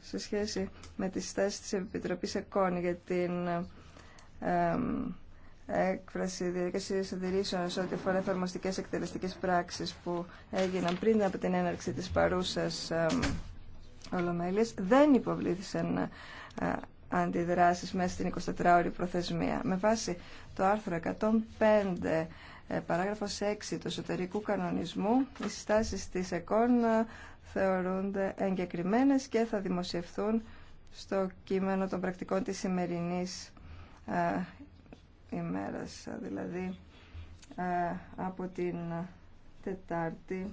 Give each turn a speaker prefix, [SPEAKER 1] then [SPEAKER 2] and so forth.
[SPEAKER 1] σε σχέση με τις στάση της Επιτροπής ΕΚΟΝ για την ε, έκφραση διαδικασίας αντιρρήσεων σε ό,τι αφορά εφαρμοστικές εκτελεστικές πράξεις που έγιναν πριν από την έναρξη της παρούσας ε, ολομέλειας, δεν υποβλήθησαν ε, αντιδράσεις μέσα στην 24ωρη προθεσμία. Με βάση το άρθρο 105 ε, παράγραφος 6 του εσωτερικού κανονισμού, οι συστάσεις της ΕΚΟΝ ε, θεωρούνται εγκεκριμένες και θα δημοσιευθούν στο κείμενο των πρακτικών της σημερινής ε, ημέρας, δηλαδή από την Τετάρτη